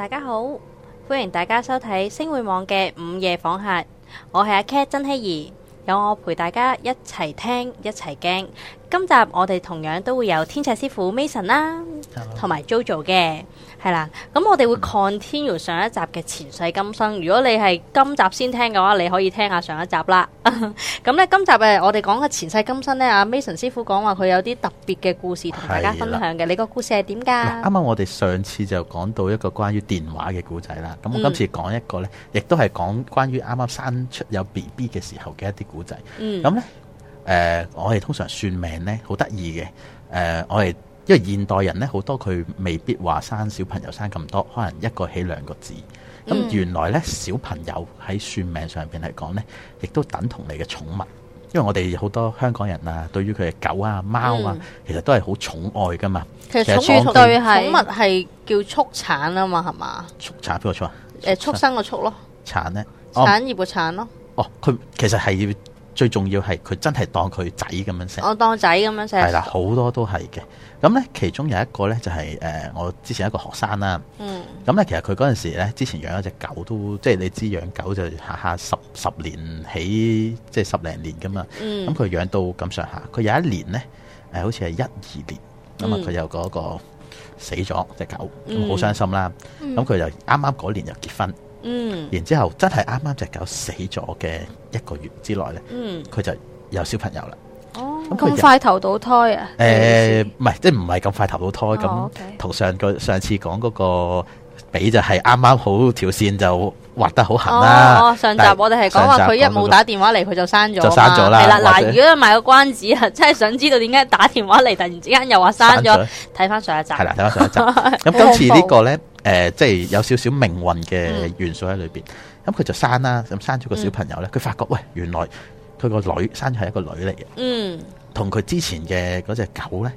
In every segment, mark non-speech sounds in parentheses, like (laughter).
大家好，歡迎大家收睇星匯網嘅午夜訪客，我係阿 Kat，珍希兒，有我陪大家一齊聽一齊驚。今集我哋同樣都會有天赤師傅 Mason 啦。同埋 JoJo 嘅，係啦。咁我哋會 continue 上一集嘅前世今生。如果你係今集先聽嘅話，你可以聽下上一集啦。咁咧，今集誒，我哋講嘅前世今生咧，阿 Mason 師傅講話佢有啲特別嘅故事同大家分享嘅。的你個故事係點噶？啱啱我哋上次就講到一個關於電話嘅故仔啦。咁我今次講一個咧，嗯、亦都係講關於啱啱生出有 BB 嘅時候嘅一啲故仔。嗯。咁咧，誒、呃，我哋通常算命咧，好得意嘅。誒、呃，我哋。因為現代人咧，好多佢未必話生小朋友生咁多，可能一個起兩個字。咁、嗯、原來咧，小朋友喺算命上邊嚟講咧，亦都等同你嘅寵物。因為我哋好多香港人啊，對於佢嘅狗啊、貓啊，其實都係好寵愛噶嘛。其實相對係寵物係叫畜產啊嘛，係嘛？畜產邊個畜？誒，畜生個畜、呃、咯？產咧呢？嗯、產業個產咯哦？哦，佢其實係。最重要係佢真係當佢仔咁樣寫，我當仔咁樣寫。係啦，好多都係嘅。咁咧，其中有一個咧就係、是、誒、呃，我之前一個學生啦、啊。嗯。咁咧，其實佢嗰陣時咧，之前養咗隻狗都，即係你知養狗就下下十十年起，即係十零年噶嘛。嗯。咁佢養到咁上下，佢有一年咧，誒、呃、好似係一二年，咁啊佢有嗰個死咗隻狗，好、嗯、傷心啦。咁佢、嗯嗯、就啱啱嗰年就結婚。嗯，然之後真係啱啱隻狗死咗嘅一個月之內咧，嗯，佢就有小朋友啦。哦，咁快投到胎啊？誒，唔係，即係唔係咁快投到胎。咁同上個上次講嗰個比就係啱啱好條線就劃得好痕啦。上集我哋係講話佢一冇打電話嚟，佢就刪咗。就刪咗啦。係啦，嗱，如果賣個關子啊，真係想知道點解打電話嚟，突然之間又話刪咗？睇翻上一集。係啦，睇翻上一集。咁今次呢個咧？誒、呃，即係有少少命運嘅元素喺裏邊，咁、嗯、佢、嗯、就生啦，咁生咗個小朋友咧，佢發覺喂，原來佢個女生咗係一個女嚟嘅，嗯，同佢之前嘅嗰隻狗咧，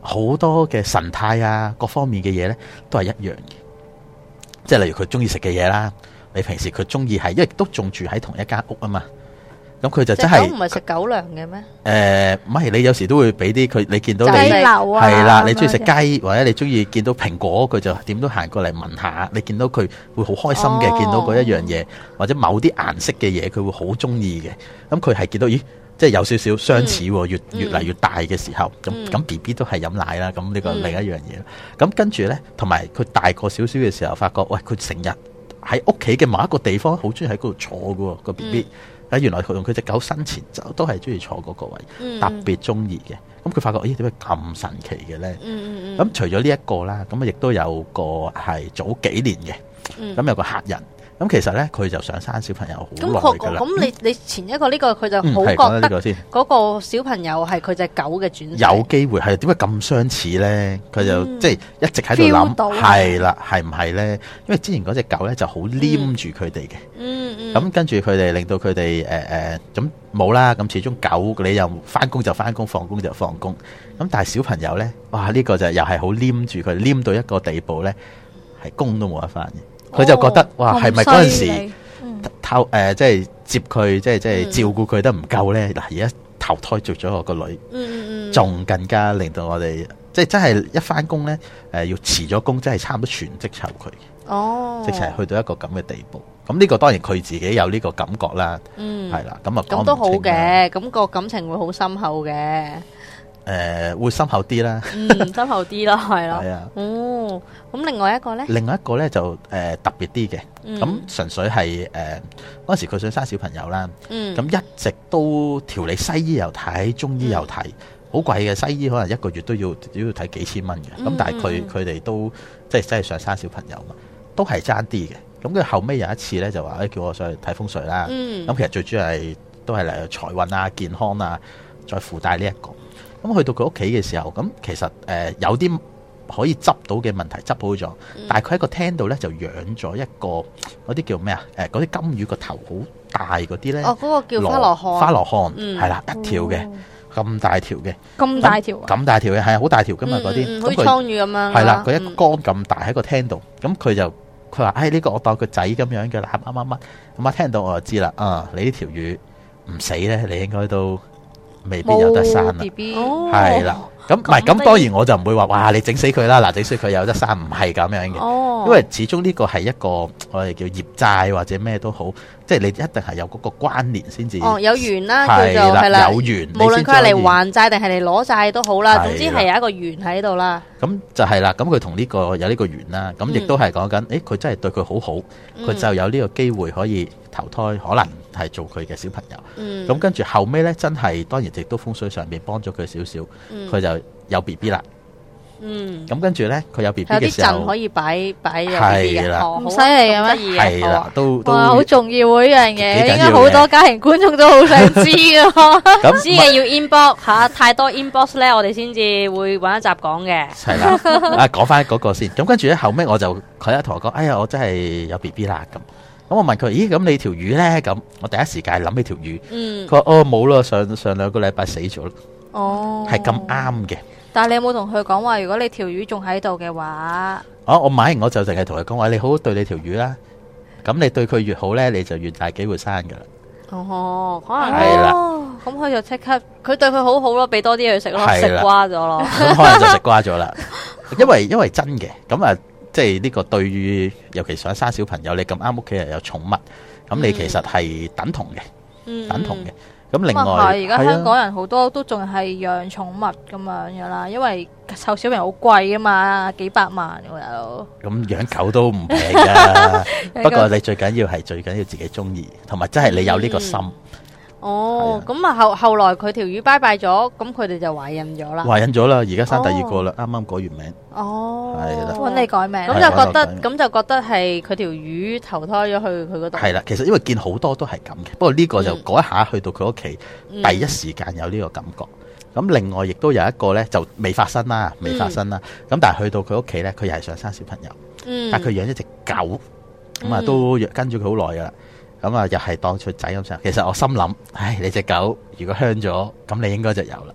好多嘅神態啊，各方面嘅嘢咧，都係一樣嘅，即係例如佢中意食嘅嘢啦，你平時佢中意係，因為都仲住喺同一間屋啊嘛。咁佢就真係唔係食狗糧嘅咩？誒，唔係你有時都會俾啲佢，你見到你係啦，你中意食雞或者你中意見到蘋果，佢就點都行過嚟聞下。你見到佢會好開心嘅，見到嗰一樣嘢或者某啲顏色嘅嘢，佢會好中意嘅。咁佢係見到咦，即係有少少相似，越越嚟越大嘅時候，咁咁 B B 都係飲奶啦。咁呢個另一樣嘢，咁跟住咧，同埋佢大個少少嘅時候，發覺喂，佢成日喺屋企嘅某一個地方好中意喺嗰度坐嘅個 B B。原來佢同佢隻狗生前就，都係中意坐嗰個位，特別中意嘅。咁佢、嗯、發覺咦，點解咁神奇嘅咧？咁、嗯嗯、除咗呢一個啦，咁啊亦都有個係早幾年嘅，咁有個客人。咁其實咧，佢就想生小朋友好耐嘅啦。咁你你前一個呢個佢就好覺得嗰個小朋友係佢隻狗嘅轉。有機會係點解咁相似咧？佢、嗯、就即係一直喺度諗，係啦，係唔係咧？因為之前嗰隻狗咧就好黏住佢哋嘅。嗯嗯。咁跟住佢哋令到佢哋誒誒，咁、呃、冇、呃、啦。咁始終狗你又翻工就翻工，放工就放工。咁但係小朋友咧，哇！呢、呢個就又係好黏住佢，黏到一個地步咧，係工都冇得翻嘅。佢就覺得哇，係咪嗰陣時偷誒即係接佢，即係即係照顧佢都唔夠咧？嗱，而家投胎做咗我個女，仲、嗯嗯、更加令到我哋即係真係一返工咧誒、呃，要辭咗工，真係差唔多全職湊佢哦，即係去到一個咁嘅地步。咁呢個當然佢自己有呢個感覺啦，係、嗯、啦，咁啊咁都好嘅，感、那、覺、個、感情會好深厚嘅。誒、呃，會深厚啲啦， (laughs) 嗯，深厚啲咯，係咯，係啊的，哦，咁另外一個咧，另外一個咧就誒、呃、特別啲嘅，咁純、嗯、粹係誒嗰時佢想生小朋友啦，咁、嗯、一直都調理西醫又睇，中醫又睇，好貴嘅西醫可能一個月都要都要睇幾千蚊嘅，咁、嗯、但係佢佢哋都即係真係想生小朋友嘛，都係爭啲嘅，咁佢後尾有一次咧就話誒、哎、叫我上去睇風水啦，咁其實最主要係都係嚟財運啊、健康啊，再附帶呢一個。咁去到佢屋企嘅時候，咁其實誒、呃、有啲可以執到嘅問題執好咗，但係佢喺個廳度咧就養咗一個嗰啲叫咩啊？誒、欸，嗰啲金魚個頭好大嗰啲咧。哦，嗰、那個叫花羅漢。花羅漢係啦，一條嘅咁大條嘅。咁大條。咁大條嘅係啊，好大條噶嘛嗰啲。好似倉魚咁樣。係啦，佢一缸咁大喺個廳度，咁佢、嗯、就佢話，哎，呢、這個我當個仔咁樣嘅啦，啱唔啱？咁、嗯、啊、嗯嗯，聽到我就知啦。啊、嗯嗯，你條呢條魚唔死咧，你應該都。未必有得生啦，係啦、哦，咁唔係咁，當然我就唔會話，哇！你整死佢啦，嗱，整死佢有得生，唔係咁樣嘅，哦、因為始終呢個係一個我哋叫業債或者咩都好。即係你一定係有嗰個關聯先至，哦，有緣啦、啊，叫做係啦，有緣緣。無論佢係嚟還債定係嚟攞債都好啦，的總之係有一個緣喺度啦。咁就係啦，咁佢同呢個有呢個緣啦，咁亦都係講緊，誒、嗯、佢、欸、真係對佢好好，佢就有呢個機會可以投胎，可能係做佢嘅小朋友。咁、嗯、跟住後尾呢，真係當然亦都風水上面幫咗佢少少，佢、嗯、就有 BB 啦。嗯，咁跟住咧，佢有 B B 嘅時候，有啲陣可以擺擺有 B B 嘅，唔使嚟咁得意啊，都哇好重要呢樣嘢，應該好多家庭觀眾都好想知㗎。咁知嘅要 inbox 吓，太多 inbox 咧，我哋先至會揾一集講嘅。係啦，啊講翻嗰個先，咁跟住咧後尾，我就佢一同我講，哎呀，我真係有 B B 啦咁。咁我問佢，咦咁你條魚咧咁？我第一時間諗起條魚，佢話哦冇啦，上上兩個禮拜死咗啦，哦係咁啱嘅。但係你有冇同佢講話？如果你條魚仲喺度嘅話，哦、啊，我買完我就淨係同佢講話，你好好對你條魚啦。咁你對佢越好咧，你就越大機會生噶啦。哦，可能係啦。咁佢了就即刻，佢對佢好好咯，俾多啲嘢佢食咯，食瓜咗咯，可能就食瓜咗啦。因為因為真嘅，咁啊，即係呢個對於，尤其想生小朋友，你咁啱屋企人有寵物，咁你其實係等同嘅，嗯、等同嘅。嗯嗯咁另外，而家香港人好多都仲係養寵物咁樣噶啦，因為湊小朋友好貴啊嘛，幾百萬嘅又。咁養狗都唔平噶， (laughs) 不過你最緊要係最緊要自己中意，同埋真係你有呢個心。嗯哦，咁啊後後來佢條魚拜拜咗，咁佢哋就懷孕咗啦。懷孕咗啦，而家生第二個啦，啱啱改完名。哦，係啦，幫你改名。咁就覺得，咁就覺得係佢條魚投胎咗去佢嗰度。係啦，其實因為見好多都係咁嘅，不過呢個就嗰一下去到佢屋企，第一時間有呢個感覺。咁另外亦都有一個咧，就未發生啦，未發生啦。咁但係去到佢屋企咧，佢又係想生小朋友。但佢養一隻狗，咁啊都跟住佢好耐噶啦。咁啊，又係當雀仔咁上。其實我心諗，唉，你隻狗如果香咗，咁你應該就有啦。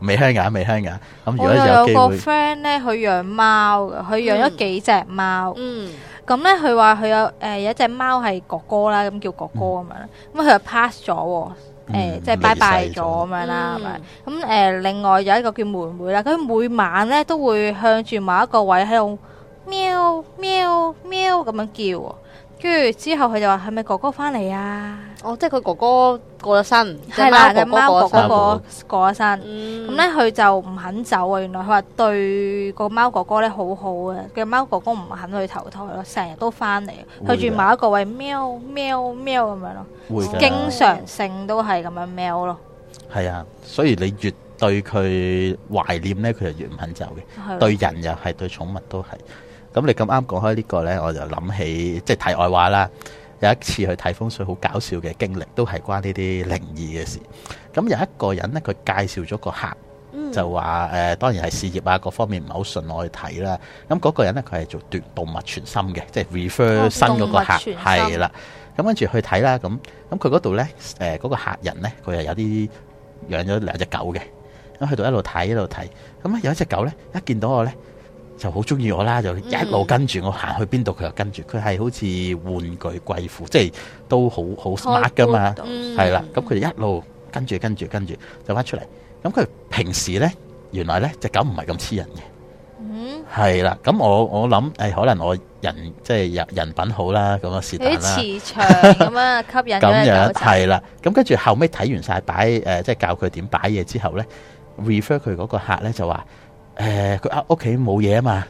未香噶，未香噶。咁如果有個 friend 咧，佢養貓，佢養咗幾隻貓。嗯，咁咧佢話佢有誒有一隻貓係哥哥啦，咁叫哥哥咁樣。咁佢就 pass 咗喎，誒即係拜拜咗咁樣啦，係咪？咁誒另外有一個叫妹妹啦。佢每晚咧都會向住某一個位喺度喵喵喵咁樣叫喎。跟住之後佢就話係咪哥哥翻嚟啊？哦，即係佢哥哥過咗身，係啦，佢貓哥哥過咗身。咁咧佢就唔肯走啊！原來佢話對個貓哥哥咧好好嘅，嘅貓哥哥唔肯去投胎咯，成日都翻嚟，對住某一個位喵喵喵咁樣咯，經常性都係咁樣喵咯。係啊，所以你越對佢懷念咧，佢就越唔肯走嘅。對人又係對寵物都係。咁你咁啱講開呢個咧，我就諗起即係題外話啦。有一次去睇風水，好搞笑嘅經歷，都係關呢啲靈異嘅事。咁有一個人咧，佢介紹咗個客，就話誒，當然係事業啊各方面唔係好順我去睇啦。咁嗰個人咧，佢係做奪動物全心嘅，即係 refer 新嗰個客，係啦。咁跟住去睇啦，咁咁佢嗰度咧，誒嗰個客人咧，佢係有啲養咗兩隻狗嘅。咁去到一路睇一路睇，咁啊有一隻狗咧，一見到我咧。就好中意我啦，就一路跟住我行去邊度，佢又跟住。佢係好似玩具貴婦，即係都好好 smart 噶嘛，係啦。咁佢就一路跟住跟住跟住就翻出嚟。咁佢平時呢，原來呢，隻狗唔係咁黐人嘅，係啦、嗯。咁我我諗誒、哎，可能我人即係人品好啦，咁啊是但啦。磁場咁樣 (laughs) 吸引人。咁樣係啦。咁跟住後尾睇完晒擺誒，即係教佢點擺嘢之後呢 refer 佢嗰個客呢，就話。誒，佢屋屋企冇嘢啊嘛，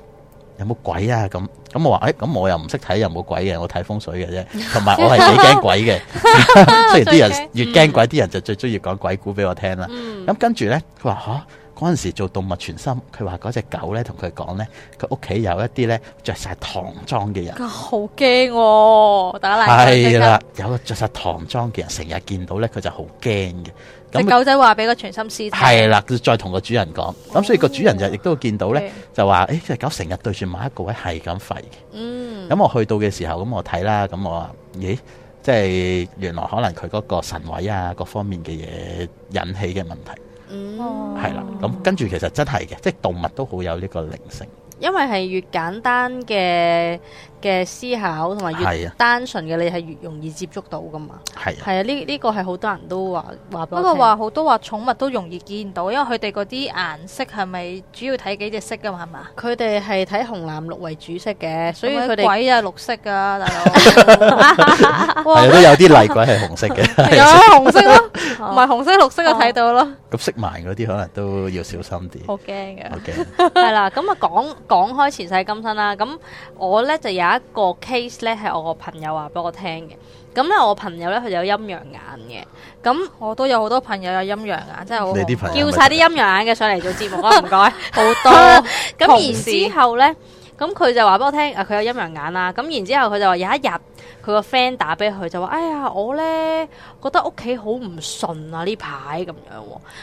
有冇鬼啊？咁咁我話，誒、欸，咁我又唔識睇有冇鬼嘅，我睇風水嘅啫，同埋我係幾驚鬼嘅，所 (laughs) (laughs) 雖然啲人越驚鬼，啲、嗯、人就最中意講鬼故俾我聽啦。咁跟住咧，佢話吓。啊嗰陣時做動物傳心，佢話嗰隻狗咧同佢講咧，佢屋企有一啲咧着晒唐裝嘅人， (music) 好驚，哦。打例係啦，有個着晒唐裝嘅人，成日見到咧，佢就好驚嘅。咁狗仔話俾個傳心師，係啦，再同個主人講。咁所以個主人就亦都見到咧，就、欸、話，誒隻狗成日對住某一個位係咁吠嘅。嗯。咁我去到嘅時候，咁我睇啦，咁我話，咦，即係原來可能佢嗰個神位啊，各方面嘅嘢引起嘅問題。係啦，咁、嗯、跟住其實真係嘅，即係動物都好有呢個靈性，因為係越簡單嘅。嘅思考同埋越單純嘅你係越容易接觸到㗎嘛？係啊，係啊，呢呢個係好多人都話話不過話好多話寵物都容易見到，因為佢哋嗰啲顏色係咪主要睇幾隻色㗎嘛？係嘛？佢哋係睇紅藍綠為主色嘅，所以佢哋鬼啊綠色㗎大佬，係都有啲厲鬼係紅色嘅，有紅色咯，唔係紅色綠色就睇到咯。咁色盲嗰啲可能都要小心啲，好驚嘅，好驚。係啦，咁啊講講開前世今生啦，咁我咧就有。有一個 case 咧係我個朋友話俾我聽嘅，咁咧我朋友咧佢有陰陽眼嘅，咁我都有好多朋友有陰陽眼，即係我叫晒啲陰陽眼嘅上嚟做節目啊。唔該， (laughs) 好多，咁然 (laughs) 同時 之後咧。咁佢就話俾我聽，佢有陰陽眼啦。咁然之後佢就話有一日佢個 friend 打俾佢，就話哎呀我咧覺得屋企好唔順啊呢排咁樣。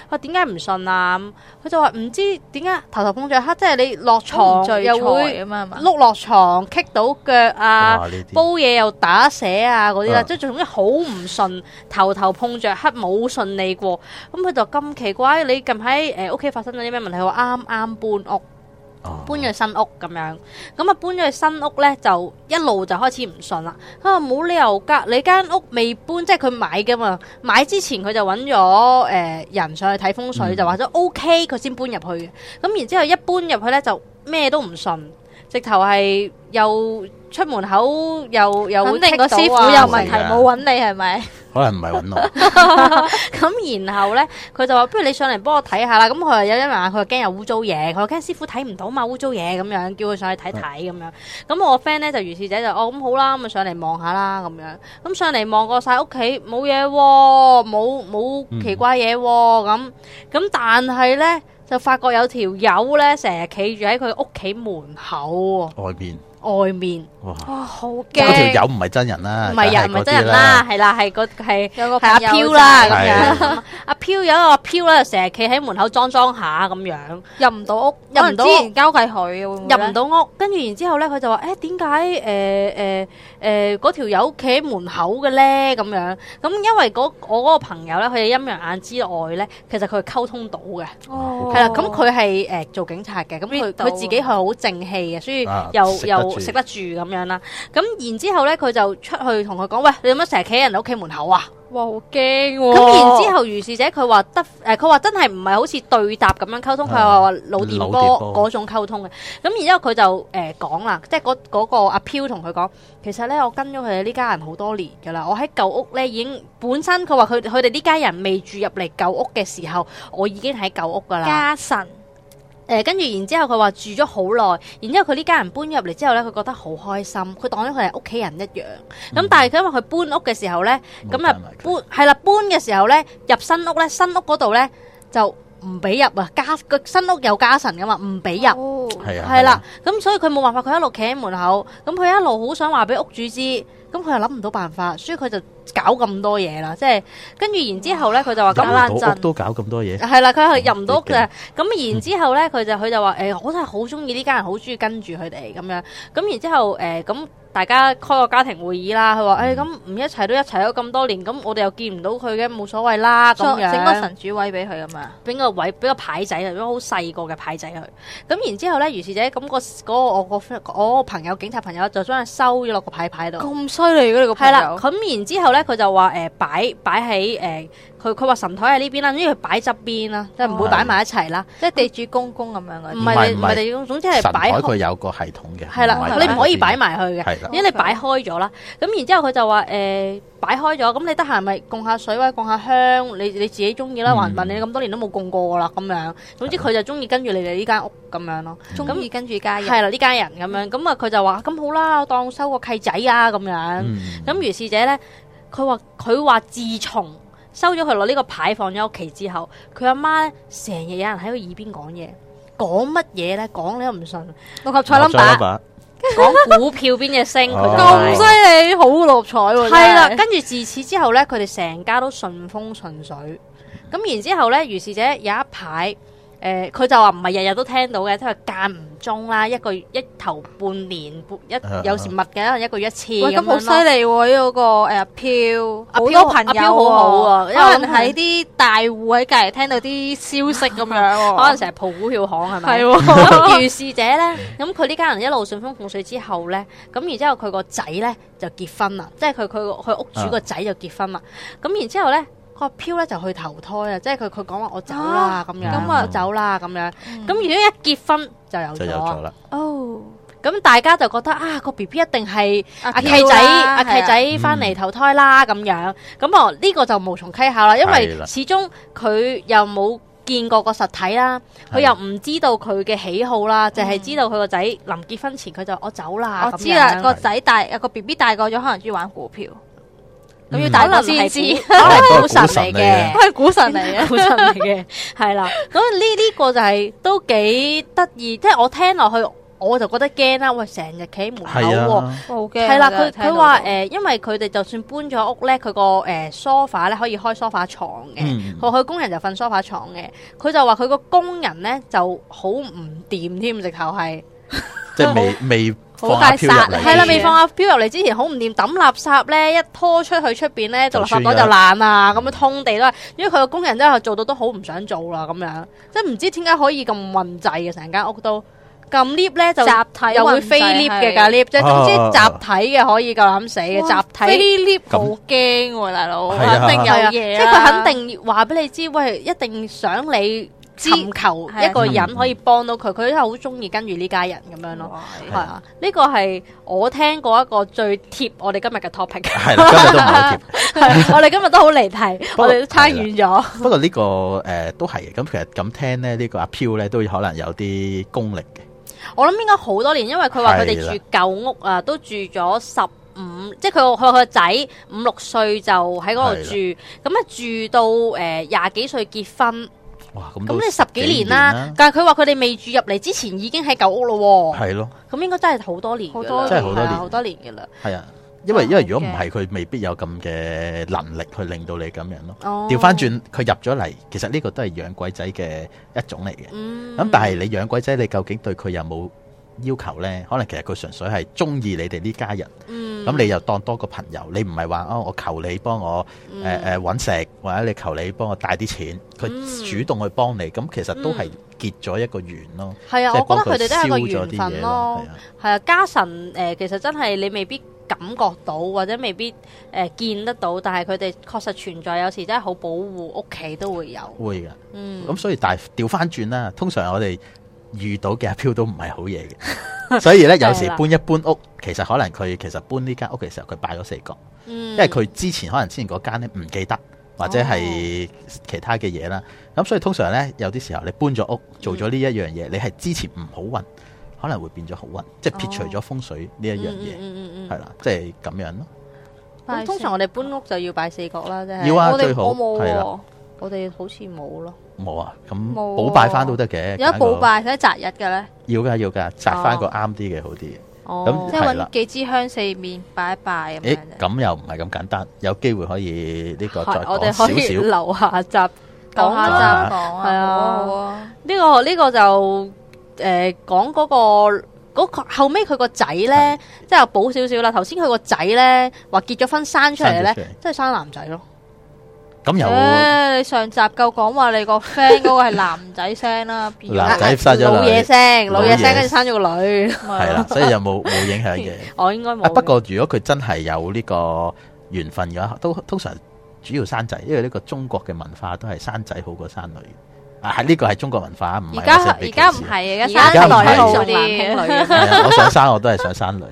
話點解唔順啊？佢就話唔知點解頭頭碰着黑，即係你落床又會碌落床棘到腳啊，煲嘢又打瀉啊嗰啲啦，即係總之好唔順，頭頭碰着黑冇順利過。咁佢就咁奇怪，你近排誒屋企發生咗啲咩問題？我啱啱搬屋。搬咗去新屋咁樣，咁啊搬咗去新屋咧，就一路就開始唔順啦。啊，冇理由㗎你間屋未搬，即係佢買嘅嘛。買之前佢就揾咗誒人上去睇風水，嗯、就話咗 OK，佢先搬入去嘅。咁然之後一搬入去咧，就咩都唔順，直頭係又出門口又又、啊、肯定個師傅有問題，冇揾你係咪？ (laughs) 可能唔係揾我咁， (laughs) (laughs) 然後咧佢就話，不如你上嚟幫我睇下啦。咁佢又有一晚佢又驚有污糟嘢，佢話驚師傅睇唔到嘛污糟嘢咁樣，叫佢上去睇睇咁樣。咁我個 friend 咧就如是者就哦，咁好啦，咁上嚟望下啦咁樣。咁上嚟望過晒屋企冇嘢，冇冇奇怪嘢咁。咁但係咧就發覺有條友咧成日企住喺佢屋企門口外邊。外面哇，好驚！嗰條友唔係真人啦，唔係人唔係真人啦，係啦係個係係阿飄啦咁樣。阿飄有個阿飄咧，成日企喺門口裝裝下咁樣，入唔到屋，入唔到屋，入唔到屋。跟住然之後咧，佢就話誒，點解誒誒誒嗰條友企喺門口嘅咧？咁樣咁因為嗰我嗰個朋友咧，佢係陰陽眼之外咧，其實佢係溝通到嘅，係啦。咁佢係誒做警察嘅，咁佢佢自己係好正氣嘅，所以又又。食得住咁樣啦，咁然之後咧，佢就出去同佢講，喂，你點解成日企喺人哋屋企門口啊？哇，好驚啊！咁然之後如是，如是者佢話得，誒、呃，佢話真係唔係好似對答咁樣溝通，佢話話腦電波嗰種溝通嘅。咁然之後佢就誒、呃、講啦，即係嗰嗰個阿飄同佢講，其實咧我跟咗佢哋呢家人好多年噶啦，我喺舊屋咧已經本身佢話佢佢哋呢家人未住入嚟舊屋嘅時候，我已經喺舊屋噶啦。家臣誒，跟住然之後佢話住咗好耐，然之後佢呢家人搬入嚟之後咧，佢覺得好開心，佢當咗佢係屋企人一樣。咁、嗯、但係佢因為佢搬屋嘅時候咧，咁啊搬係啦搬嘅時候咧，入新屋咧，新屋嗰度咧就唔俾入啊，家新屋有家神噶嘛，唔俾入係啊。係啦，咁所以佢冇辦法，佢一路企喺門口，咁佢一路好想話俾屋主知，咁佢又諗唔到辦法，所以佢就。搞咁多嘢啦，即係跟住然之後咧，佢就話，咁爛針都搞咁多嘢，係啦，佢係入唔到屋嘅。咁、嗯、然之後咧，佢就佢就話，誒、哎，我都係好中意呢家人，好中意跟住佢哋咁樣。咁然之後，誒、哎，咁。大家開個家庭會議啦，佢話，誒、咁唔一齊都一齊咗咁多年，咁我哋又見唔到佢嘅，冇所謂啦咁樣，整個神主位俾佢咁啊，俾個位俾個牌仔啊，俾個好細個嘅牌仔佢，咁然之後咧，如是者咁、嗰個、嗰個、我個我個朋友警察朋友就將佢收咗落個牌牌度。咁犀利嘅你個朋友？係啦，咁然之後咧佢就話誒擺擺喺誒。呃佢佢話神台喺呢邊啦，因為佢擺側邊啦，即係唔會擺埋一齊啦，即係地主公公咁樣嘅。唔係唔係地主公總之係擺。神台佢有個系統嘅。係啦，你唔可以擺埋去嘅，因為你擺開咗啦。咁然之後佢就話誒擺開咗，咁你得閒咪供下水位，供下香，你你自己中意啦，橫掂你咁多年都冇供過啦咁樣。總之佢就中意跟住你哋呢間屋咁樣咯，中意跟住家人係啦，呢家人咁樣。咁啊佢就話咁好啦，當收個契仔啊咁樣。咁如是者咧，佢話佢話自從。收咗佢攞呢個牌放咗屋企之後，佢阿媽咧成日有人喺佢耳邊講嘢，講乜嘢咧？講你都唔信，六合彩 number，講股票邊隻升，咁犀利，好六合彩喎。係啦，跟住自此之後咧，佢哋成家都順風順水。咁然之後咧，如是者有一排，誒、呃，佢就話唔係日日都聽到嘅，即係間唔。中啦，一個月一頭半年，一有時密嘅，一個月一次咁咁好犀利喎！依嗰個誒票，好多朋友，阿彪好好喎。可能喺啲大戶喺隔離聽到啲消息咁樣，可能成日蒲股票行係咪？係喎。咁如是者咧，咁佢呢家人一路順風順水之後咧，咁然之後佢個仔咧就結婚啦，即係佢佢佢屋主個仔就結婚啦。咁然之後咧。個飄咧就去投胎啊！即係佢佢講話我走啦咁樣，咁我走啦咁樣。咁如果一結婚就有咗啦。哦，咁大家就覺得啊，個 B B 一定係阿契仔阿契仔翻嚟投胎啦咁樣。咁哦呢個就無從稽考啦，因為始終佢又冇見過個實體啦，佢又唔知道佢嘅喜好啦，淨係知道佢個仔臨結婚前佢就我走啦。我知啦，個仔大有個 B B 大個咗，可能中意玩股票。咁要打流先知，係、嗯、古，古神嚟嘅，係古神嚟嘅，古神嚟嘅。係啦。 (laughs) 咁呢呢個就係、是、都幾得意，即係我聽落去我就覺得驚啦。喂，成日企喺門口喎、啊，啊、好驚。係啦了，佢佢話誒，因為佢哋就算搬咗屋咧，佢個誒梳化咧可以開梳化床嘅，話佢、嗯、工人就瞓梳化床嘅。佢就話佢個工人咧就好唔掂添，直頭係即係未 (laughs) 未。未 (laughs) 好大垃圾，係啦！未放阿飄入嚟之前，好唔掂抌垃圾咧，一拖出去出邊咧，就垃圾袋就爛啦，咁樣通地啦。因為佢個工人真係做到都好唔想做啦，咁樣即係唔知點解可以咁混滯嘅，成間屋都咁 lift 咧就集的的體又會飛 lift 嘅，夾 lift 即係總之集體嘅可以夠膽死嘅，集體飛 lift 好驚喎，大佬肯定有嘢。即係佢肯定話俾你知，喂，一定想你。尋求一個人可以幫到佢。佢都係好中意跟住呢家人咁樣咯，係啊。呢個係我聽過一個最貼我哋今日嘅 topic，係今日都唔好貼。我哋今日都好離題，我哋都差遠咗。不過呢個誒都係咁，其實咁聽咧，呢個阿飄咧都可能有啲功力嘅。我諗應該好多年，因為佢話佢哋住舊屋啊，都住咗十五，即係佢佢個仔五六歲就喺嗰度住，咁啊住到誒廿幾歲結婚。咁你十幾年啦，但係佢話佢哋未住入嚟之前已經喺舊屋咯喎，係咯的，咁應該真係好多年，真係好多年，好的多年嘅啦，係啊，因為、哦、因為如果唔係佢未必有咁嘅能力去令到你咁樣咯，調翻轉佢入咗嚟，其實呢個都係養鬼仔嘅一種嚟嘅，咁、嗯、但係你養鬼仔你究竟對佢有冇？要求咧，可能其實佢純粹係中意你哋呢家人。嗯，咁你又當多個朋友，你唔係話哦，我求你幫我誒誒揾食，或者你求你幫我帶啲錢，佢主動去幫你，咁其實都係結咗一個緣咯。係啊，我覺得佢哋都係一個緣分咯。係啊，係啊，家神誒，其實真係你未必感覺到，或者未必誒見得到，但係佢哋確實存在，有時真係好保護屋企都會有。會㗎，嗯。咁所以但係調翻轉啦，通常我哋，遇到嘅阿飄都唔係好嘢嘅， (laughs) 所以咧呢 (laughs) 對了 有時搬一搬屋，其實可能佢其實搬呢間屋嘅時候佢拜咗四角，嗯、因為佢之前可能之前嗰間咧唔記得或者係其他嘅嘢啦，咁、哦、所以通常咧有啲時候你搬咗屋做咗呢一樣嘢，嗯、你係之前唔好運，可能會變咗好運，即係撇除咗風水呢一樣嘢，係啦，即係咁樣咯。咁通常我哋搬屋就要拜四角啦，真係。要啊，我們 最好係啦。我哋好似冇咯，冇啊，咁補拜翻，都得嘅。有冇拜睇擇日嘅咧？要噶，要噶，擇翻個啱啲嘅好啲。咁，即係揾幾支香四面拜一拜，咁又唔係咁簡單，有機會可以呢個我哋可以留下集講下。係啊，呢個呢個就誒，講嗰個嗰後尾佢個仔咧，即係補少少啦。頭先佢個仔咧話結咗婚生出嚟咧，即係生男仔咯。咁有，誒，你上集夠講話你個 friend 嗰個係男仔聲啦，變男仔生咗女、老嘢聲、老嘢聲，跟住生咗個女，係啦，所以又冇冇影響嘅？我應該冇。不過如果佢真係有呢個緣分嘅話，都通常主要生仔，因為呢個中國嘅文化都係生仔好過生女。啊，係呢個係中國文化啊，唔係而家，而家唔係而家生女就難傾女。我想生我都係想生女。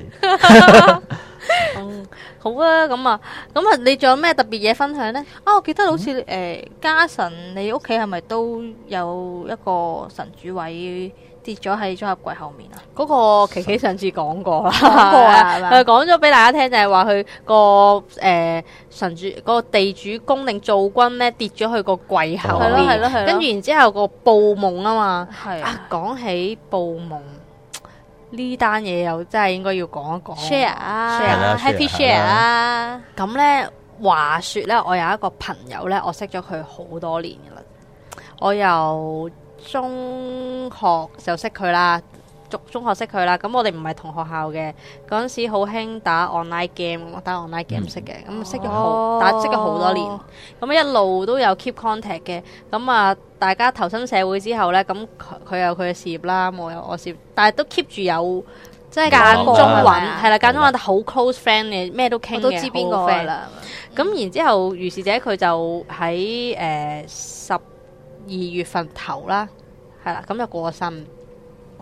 嗯，好啊，咁啊，咁啊，你仲有咩特別嘢分享咧？啊，我記得好似誒、嗯呃，家臣，你屋企係咪都有一個神主位跌咗喺組合櫃後面琦琦啊？嗰個琪琪上次講過啦，講佢講咗俾大家聽，就係話佢個誒、呃、神主，嗰個地主公定灶君咧跌咗去個櫃後面係咯係咯，跟住然之後個報夢啊嘛，係的啊，講起報夢。呢單嘢又真係應該要講一講 share 啊 Yeah, share.，happy share 啊！咁呢話説呢，我有一個朋友呢，我識咗佢好多年噶啦，我由中學就識佢啦。讀中學識佢啦，咁我哋唔係同學校嘅，嗰陣時好興打 online game，打 online game 識嘅，咁、嗯嗯、識咗好、哦、打識咗好多年，咁、嗯、一路都有 keep contact 嘅，咁、嗯、啊大家投身社會之後呢，咁、嗯、佢有佢嘅事業啦，我有我事業，但係都 keep 住有即係間中揾，係啦間中揾得好 close friend 嘅，咩都傾，我都知邊個啦。咁然之後如，如是者佢就喺誒十二月份頭啦，係、嗯、啦，咁就過身。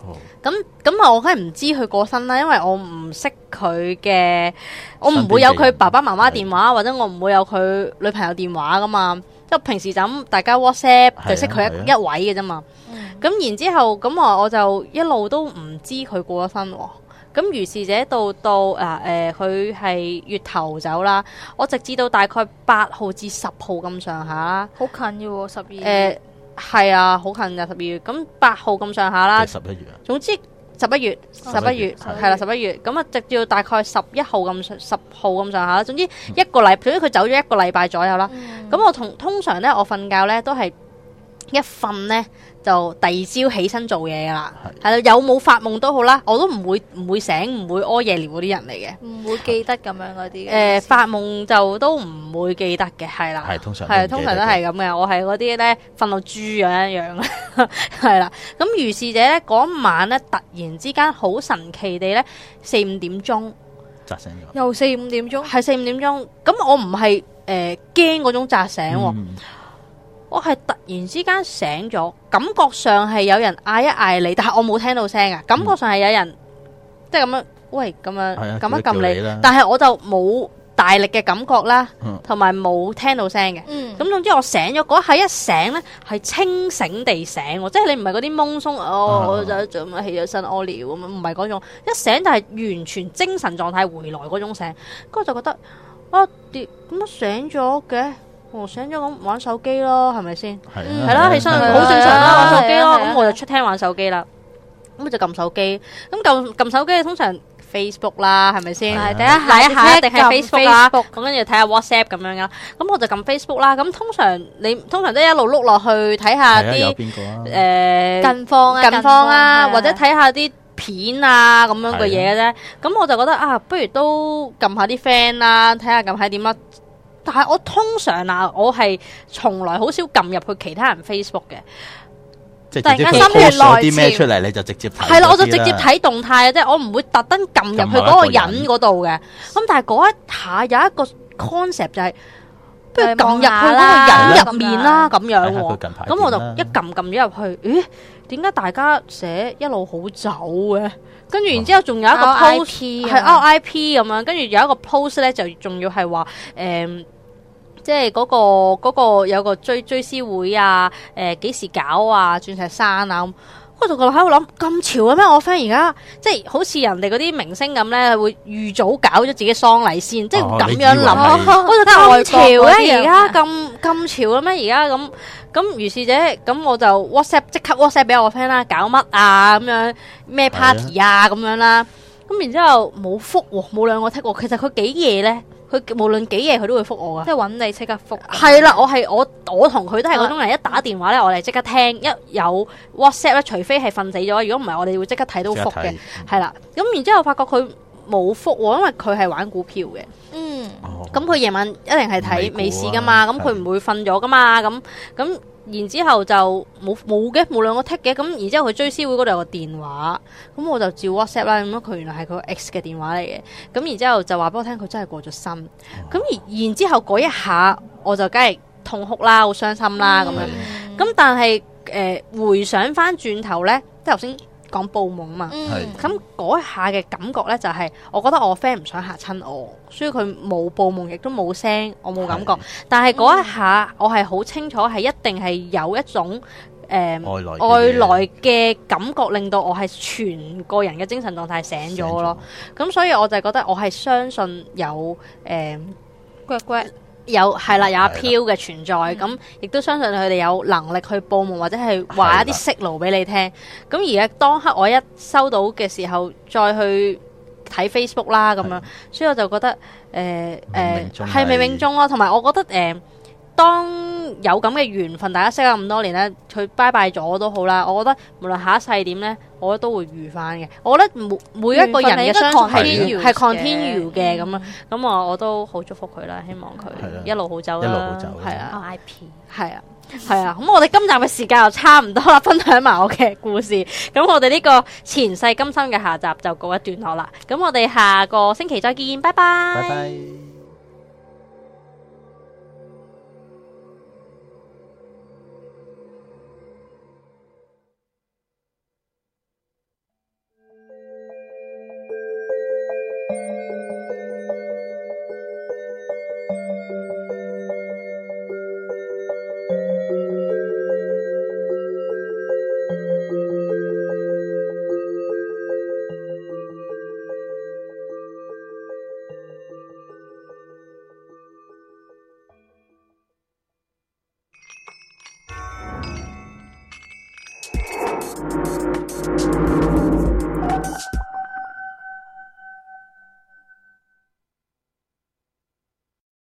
咁咁啊！嗯嗯、我梗係唔知佢過身啦，因為我唔識佢嘅，我唔會有佢爸爸媽媽電話，或者我唔會有佢女朋友電話噶嘛。因為平時就咁，大家 WhatsApp 就識佢一、啊啊、一位嘅啫嘛。咁、嗯嗯、然之後咁啊，我就一路都唔知佢過咗身。咁、嗯、如是者到到啊誒，佢、呃、係、呃、月頭走啦。我直至到大概八號至十號咁上下啦，好近要喎，十二。呃係啊，好近呀！十二月咁八號咁上下啦，十一月啊，總之十一月十一月係啦，十一月咁啊，直至大概十一號咁上十號咁上下啦，總之一個禮，嗯、總之佢走咗一個禮拜左右啦。咁、嗯、我同通常咧，我瞓覺咧都係。一瞓咧就第二朝起身做嘢噶啦，係啦，有冇發夢都好啦，我都唔會唔會醒唔會屙夜尿嗰啲人嚟嘅，唔會記得咁樣嗰啲嘅。誒發夢就都唔會記得嘅，係啦，係通常，係通常都係咁嘅。我係嗰啲咧，瞓到豬樣一樣嘅，係啦。咁於是者咧，嗰晚咧，突然之間好神奇地咧四五點鐘，扎醒咗，又四五點鐘，係四五點鐘。咁我唔係誒驚嗰種扎醒喎。我係突然之間醒咗，感覺上係有人嗌一嗌你，但係我冇聽到聲啊，感覺上係有人即係咁樣，喂咁樣撳一撳你，但係我就冇大力嘅感覺啦，同埋冇聽到聲嘅。咁總之我醒咗嗰一刻一醒咧，係清醒地醒，即係你唔係嗰啲懵鬆，哦我就咁樣起咗身屙尿咁樣，唔係嗰種一醒就係完全精神狀態回來嗰種醒。嗰我就覺得，啊，點解醒咗嘅？.我醒咗咁玩手機咯，係咪先？係啦，起身好正常啦，玩手機咯。咁我就出廳玩手機啦。咁就撳手機，咁撳撳手機通常 Facebook 啦，係咪先？係第一下一下定係 Facebook 啊？咁跟住睇下 WhatsApp 咁樣噶。咁我就撳 Facebook 啦。咁通常你通常都一路碌落去睇下啲誒近況啊近況啊，或者睇下啲片啊咁樣嘅嘢啫。咁我就覺得啊，不如都撳下啲 friend 啦，睇下撳喺點乜。但係我通常啊，我係從來好少撳入去其他人 Facebook 嘅。即係直接睇佢晒啲咩出嚟，你就直接睇係啦，我就直接睇動態啊，即係我唔會特登撳入去嗰個人嗰度嘅。咁但係嗰一下有一個 concept 就係不如撳入去嗰個人入面啦，咁樣。咁我就一撳撳咗入去，咦？點解大家寫一路好走嘅？跟住然之後仲有一個 post 係 RIP 咁樣，跟住有一個 post 咧就仲要係話，誒、呃，即係嗰、那個嗰、那個有個追追思會啊，誒、呃，幾時搞啊？鑽石山啊？我就仲喺度諗，咁潮嘅咩？我 friend 而家即係好似人哋嗰啲明星咁咧，會預早搞咗自己喪禮先，即係咁樣諗。我覺得外潮咧，而家咁咁潮啊咩？而家咁咁如是者，咁我就 WhatsApp 即刻 WhatsApp 俾我個 friend 啦，搞乜啊？咁樣咩 party 啊？咁是的 樣啦。咁然之後冇覆冇兩個 tick。其實佢幾夜咧？佢無論幾夜佢都會覆我㗎。即係揾你即刻覆。係啦，我係我我同佢都係嗰種人，一打電話咧，啊、我哋即刻聽；一有 WhatsApp 咧，除非係瞓死咗，如果唔係，我哋會即刻睇到覆嘅。係啦，咁然之後發覺佢冇覆喎，因為佢係玩股票嘅。嗯，咁佢夜晚一定係睇未視噶嘛，咁佢唔會瞓咗噶嘛，咁咁對。然之後就冇冇嘅冇兩個 tick 嘅，咁然之後佢追思會嗰度有個電話，咁我就照 WhatsApp 啦，咁佢原來係佢 ex 嘅電話嚟嘅，咁然之後就話俾我聽佢真係過咗身，咁然然之後嗰一下我就梗係痛哭啦，好傷心啦咁樣，咁但係誒、呃、回想翻轉頭咧，即係頭先。講報夢嘛，咁嗰、嗯、一下嘅感覺呢，就係我覺得我 friend 唔想嚇親我，所以佢冇報夢，亦都冇聲，我冇感覺。嗯、但係嗰一下，我係好清楚係一定係有一種誒外、呃、來嘅感覺，令到我係全個人嘅精神狀態醒咗咯。咁了所以我就係覺得我係相信有誒。呃呃呃呃有係啦，有阿飄嘅存在，咁、嗯嗯、亦都相信佢哋有能力去報幕或者係話一啲息路俾你聽。咁而家當刻我一收到嘅時候，再去睇 Facebook 啦咁的樣，所以我就覺得誒誒係冥冥中咯、啊，同埋我覺得誒。呃當有咁嘅緣分，大家識咗咁多年咧，佢拜拜咗都好啦。我覺得無論下一世點咧，我都會遇翻嘅。我覺得每每一個人嘅相遇係係抗天遙嘅咁啊，咁啊、嗯，我我都好祝福佢啦，希望佢一路好走啦，一路好走，係啊，IP 係啊，係、oh, IP 啊。咁、啊、我哋今集嘅時間又差唔多啦，分享埋我嘅故事。咁我哋呢個前世今生嘅下集就告一段落啦。咁我哋下個星期再見，拜拜。拜拜。